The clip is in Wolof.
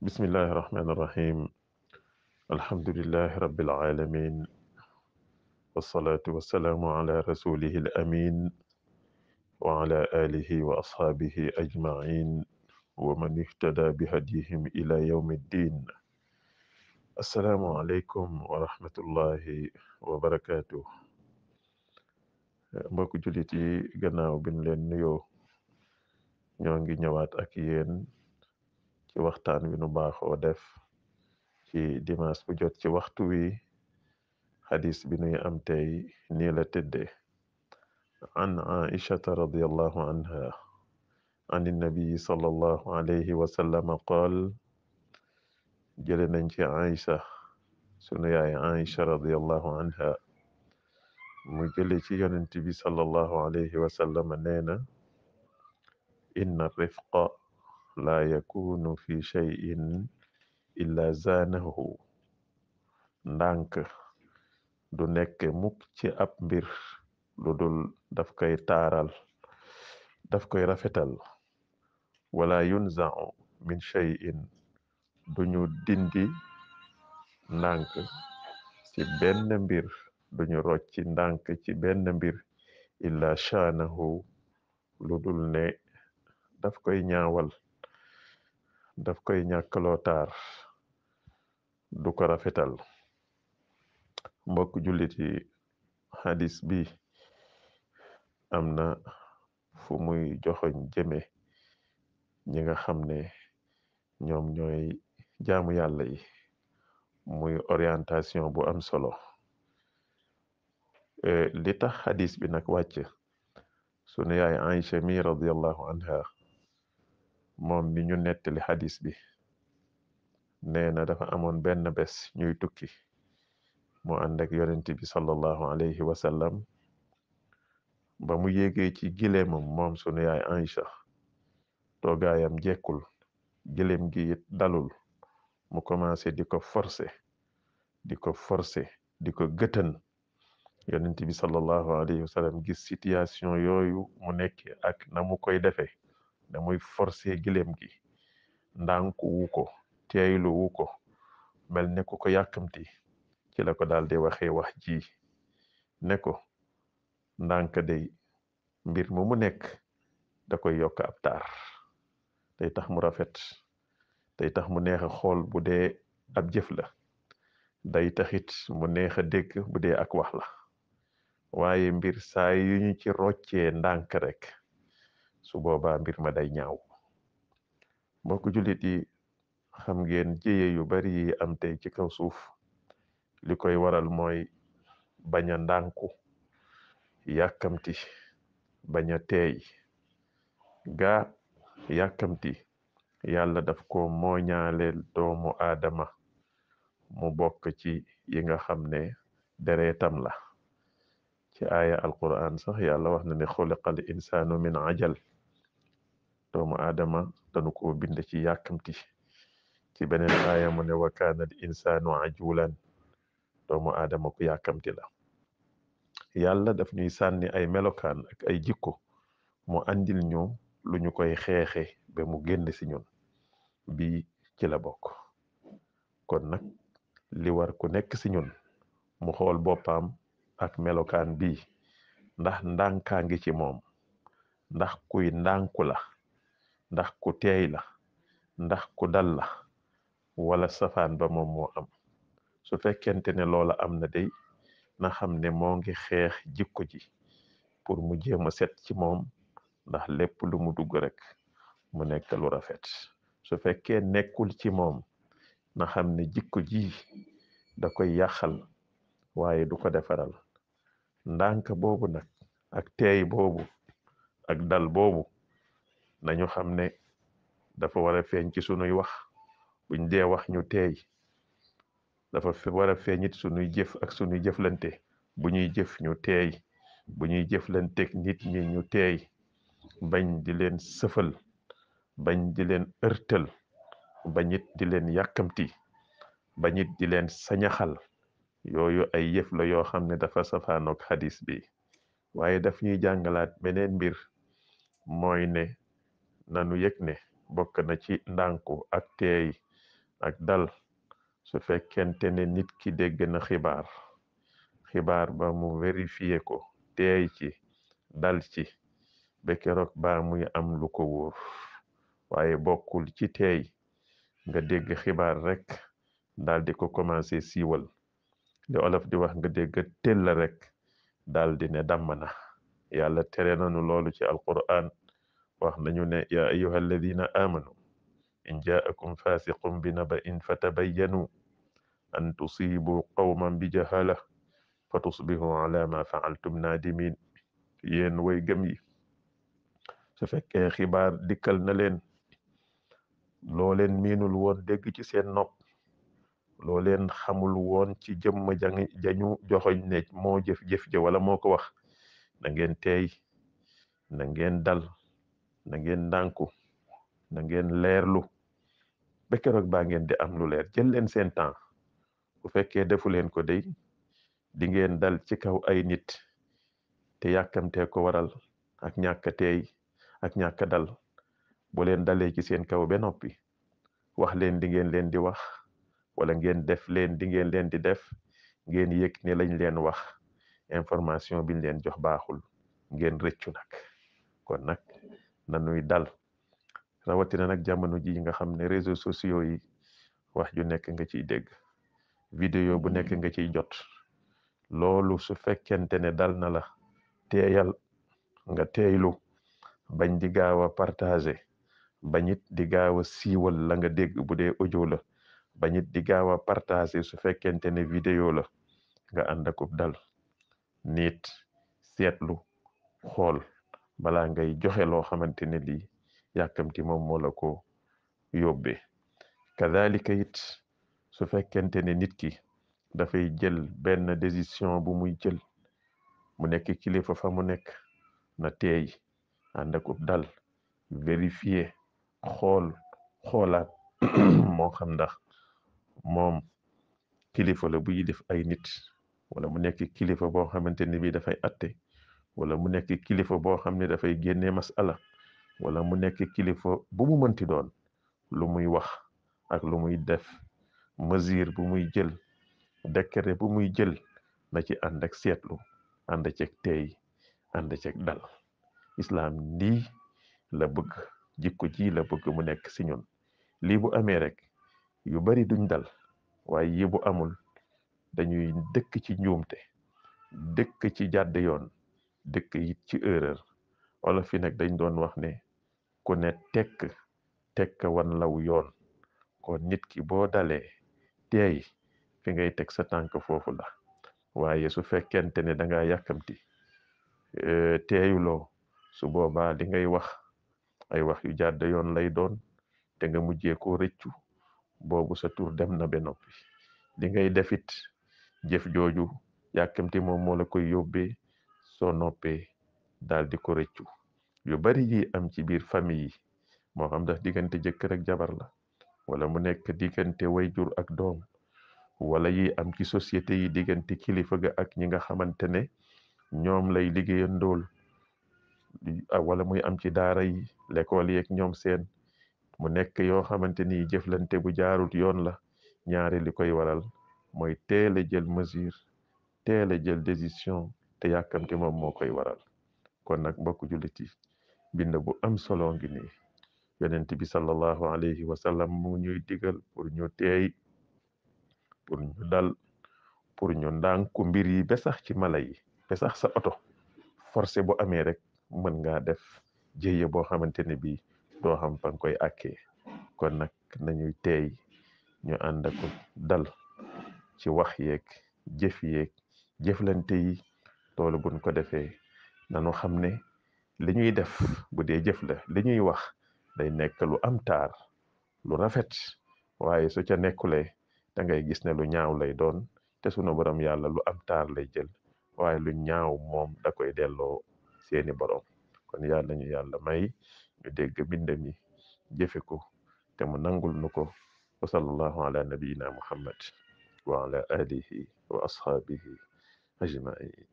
bismillahi irrahmani irrahim alhamdulilahi rabilalamin walsalaatu wassalaamu ala rasulihi al amin wa ala alihi wa ashaabihi ajmain wa man ihtada bi hadihim ila yawmi ddin assalaamu aleykum wa rahmatullahi wa barakatuh mbokk jullit yi gannaaw bin leen nuyoo ñoo ngi ñëwaat ak yéen ci waxtaan wi nu baaxoo def ci dimanche bu jot ci waxtu wi xadis bi nuy am tey nii la tëdde an aishata radiallahu anha an innabii sallallahu alayhi wasallama qaal jële nañ ci aisha sunu yaay aisha radiallahu anha mu jële inna rifqa laa yakunu fi shay'in illa zaanahu ndànk du nekk mukk ci ab mbir lu dul daf koy taaral daf koy rafetal wala yunza'u min shay'in duñu dindi ndànk ci benn mbir duñu rocci ndànk ci benn mbir illa shaanahu lu dul ne daf koy ñaawal daf koy ñàkkaloo taar du ko rafetal mbokk jullit yi xadis bi am na fu muy joxoñ jëme ñi nga xam ne ñoom ñooy jaamu yàlla yi muy orientation bu am solo eh, li tax xadis bi nag wàcc sunu yaay Aïcha mi radiyallahu anha moom mi ñu nettali xadis bi nee na dafa amoon benn bés ñuy tukki mu ànd ak yonent bi alayhi wa ba mu yéegee ci gileemam moom sunu yaay Aïcha toogaayam jekkul gileem gi it dalul mu commencé di ko forcer di ko forcer di ko gëtën yonent bi sallallahu alayhi wa sallam gis situation yooyu mu nekk ak na koy defee damay forcer gëléem gi ndànku wu ko teeylu wu ko mel ne ku ko yàkkamti ci la ko daal di waxee wax ji ne ko ndànk day mbir mu mu nekk da koy yokk ab taar day tax mu rafet day tax mu neex xool bu dee ab jëf la day taxit mu neex a dégg bu dee ak wax la waaye mbir saa yu ñu ci roccee ndànk rek su boobaa mbir ma day ñaaw mbokk jullit yi xam ngeen jéye yu bari yi am tey ci kaw suuf li koy waral mooy bañ a ndànku yàkkamti a teey gaa yàkkamti yàlla daf ko mooñaaleel doomu aadama mu bokk ci yi nga xam ne deretam la ci aaya alquran sax yàlla wax na ne xuliqal insaanu min ajal doomu aadama dañu ko bind ci yàkkamti ci beneen aaya mu ne wa kaana ajulan doomu aadama ku yàkkamti la yàlla daf ñuy sànni ay melokaan ay jikko mu andil ñu lu ñu koy xeexe ba mu génn si ñun bi ci la bokk kon nag li war ku nekk si ñun mu xool boppam ak melokaan bi ndax ndànkaa ngi ci moom ndax kuy ndànku la ndax ku teey la ndax ku dal la wala safaan ba moom moo am su fekkente ne loola am na day na xam ne moo ngi xeex jikko ji pour mu jéem a set ci moom ndax lépp lu mu dugg rek mu nekk lu rafet su fekkee nekkul ci moom na xam ne jikko ji da koy yàqal waaye du ko defaral ndànk boobu nag ak teey boobu ak dal boobu nañu xam ne dafa war a feeñ ci sunuy wax buñ dee wax ñu teey dafa war a feeñit sunuy jëf ak sunuy jëflante bu ñuy jëf ñu teey bu ñuy jëflanteeg nit ñi ñu teey bañ di leen sëfal bañ di leen ërtël bañit di leen yàkkamti bañit di leen sañaxal yooyu ay yëf la yoo xam ne dafa safaanoog xadis bi waaye daf ñuy jàngalaat beneen mbir mooy ne nanu yëg ne bokk na ci ndànku ak teey ak dal su fekkente ne nit ki dégg na xibaar xibaar ba mu vérifié ko teey ci dal ci ba ba muy am lu ko wóor waaye bokkul ci teey nga dégg xibaar rek dal di ko commencé siiwal li olof di wax nga dégg teel la rek di ne dammana na yàlla tere nañu loolu ci alquran wax nañu ne ya ayyuha alladina amanu in jaakum fasiqun bi naba'in fatabayyanu an tusibu qawman bi jahala fa tusbihu ala ma faaltum nadimin yéen way gëm yi su fekkee xibaar dikkal na leen loo leen miinul woon dégg ci seen nopp loo leen xamul woon ci jëmm jañu jañu joxoñ ne moo jëf-jëf ja wala moo ko wax na teey na ngeen dal na ngeen ndànku na ngeen leerlu ba ngeen di am lu leer jël leen seen temps bu fekkee defu leen ko dey di ngeen dal ci kaw ay nit te yàkkamtee ko waral ak ñàkk teey ak ñàkk dal bu leen dalee ci seen kaw be noppi wax leen di ngeen leen di wax wala ngeen def leen di ngeen leen di def ngeen yëg ne lañ leen wax information biñ leen jox baaxul ngeen rëccu nag kon nag nanuy dal rawatina nag jamono ji nga xam ne réseaux sociaux yi wax ju nekk nga ciy dégg vidéo bu nekk nga ciy jot loolu su fekkente ne dal na la teeyal nga teeylu bañ di gaaw a partager bañit di gaaw a siiwal la nga dégg bu dee audio la bañit di gaaw a partager su fekkente ne vidéo la nga ànd akub nit seetlu xool balaa ngay joxe loo xamante ne lii yàkkamti moom moo ko yóbbee kadalika it su fekkente ne nit ki dafay jël benn décision bu muy jël mu nekk kilifa fa mu nekk na teey ànd akub dal vérifier xool xoolaat moo xam ndax moom kilifa la buy def ay nit wala mu nekk kilifa boo xamante ni bi dafay atte wala mu nekk kilifa boo xam ne dafay génnee masala wala mu nekk kilifa bu mu mënti doon lu muy wax ak lu muy def mesure bu muy jël décret bu muy jël na ci ànd ak seetlu ànd ceeg tey ànd ceeg dal islam lii la bëgg jikko ji la bëgg mu nekk si ñun lii bu amee rek yu bari duñ dal waaye yibu amul dañuy dëkk ci njuumte dëkk ci jàdd yoon dëkk it ci erreur wala fi nag dañ doon wax ne ku ne tekk tekk wan law yoon kon nit ki boo dalee teey fi ngay teg sa tànk foofu la waaye su fekkente ne danga nga yàkkamti e, teeyuloo su boobaa li ngay wax ay wax yu jàdd yoon lay doon te nga mujje ko rëccu boobu sa tur dem na ba noppi li ngay defit jëf jooju yàkkamti moom moo la koy yóbbee soo noppee daal di ko rëccu yu bari yi am ci biir famille yi moo xam ndax diggante jëkkër rek jabar la wala mu nekk diggante jur ak doom wala yi am ci société yi diggante kilifa ga ak ñi nga xamante ne ñoom lay liggéeyan liggéeyandool wala muy am ci daara yi l'école yeeg ñoom seen mu nekk yoo xamante ni jëflante bu jaarut yoon la ñaari li koy waral mooy teel a jël mesure teel a jël décision te yàkkamte moom moo koy waral kon nag mbokk jullit yi bind bu am solo ngi nii yonent bi sallallahu alayhi wa sallam mu ñuy digal pour ñu teey pour ñu dal pour ñu ndànku mbir yi ba sax ci mala yi ba sax sa oto forcé bu amee rek mën ngaa def jéye boo xamante ne bii doo xam koy àkkee kon nag nañuy teey ñu ànd ak dal ci wax yeeg jëf yeeg jëflante yi loolu buñ ko defee nanu xam ne li ñuy def bu dee jëf la li ñuy wax day nekk lu am taar lu rafet waaye su ca nekkulee da ngay gis ne lu ñaaw lay doon te sunu borom yàlla lu am taar lay jël waaye lu ñaaw moom da koy delloo seeni borom kon yàlla ñu yàlla may ñu dégg bindam yi jëfe ko te mu nangul nu ko wa ala nabiyina muhammad wa alihi wa ashaabihi ajmain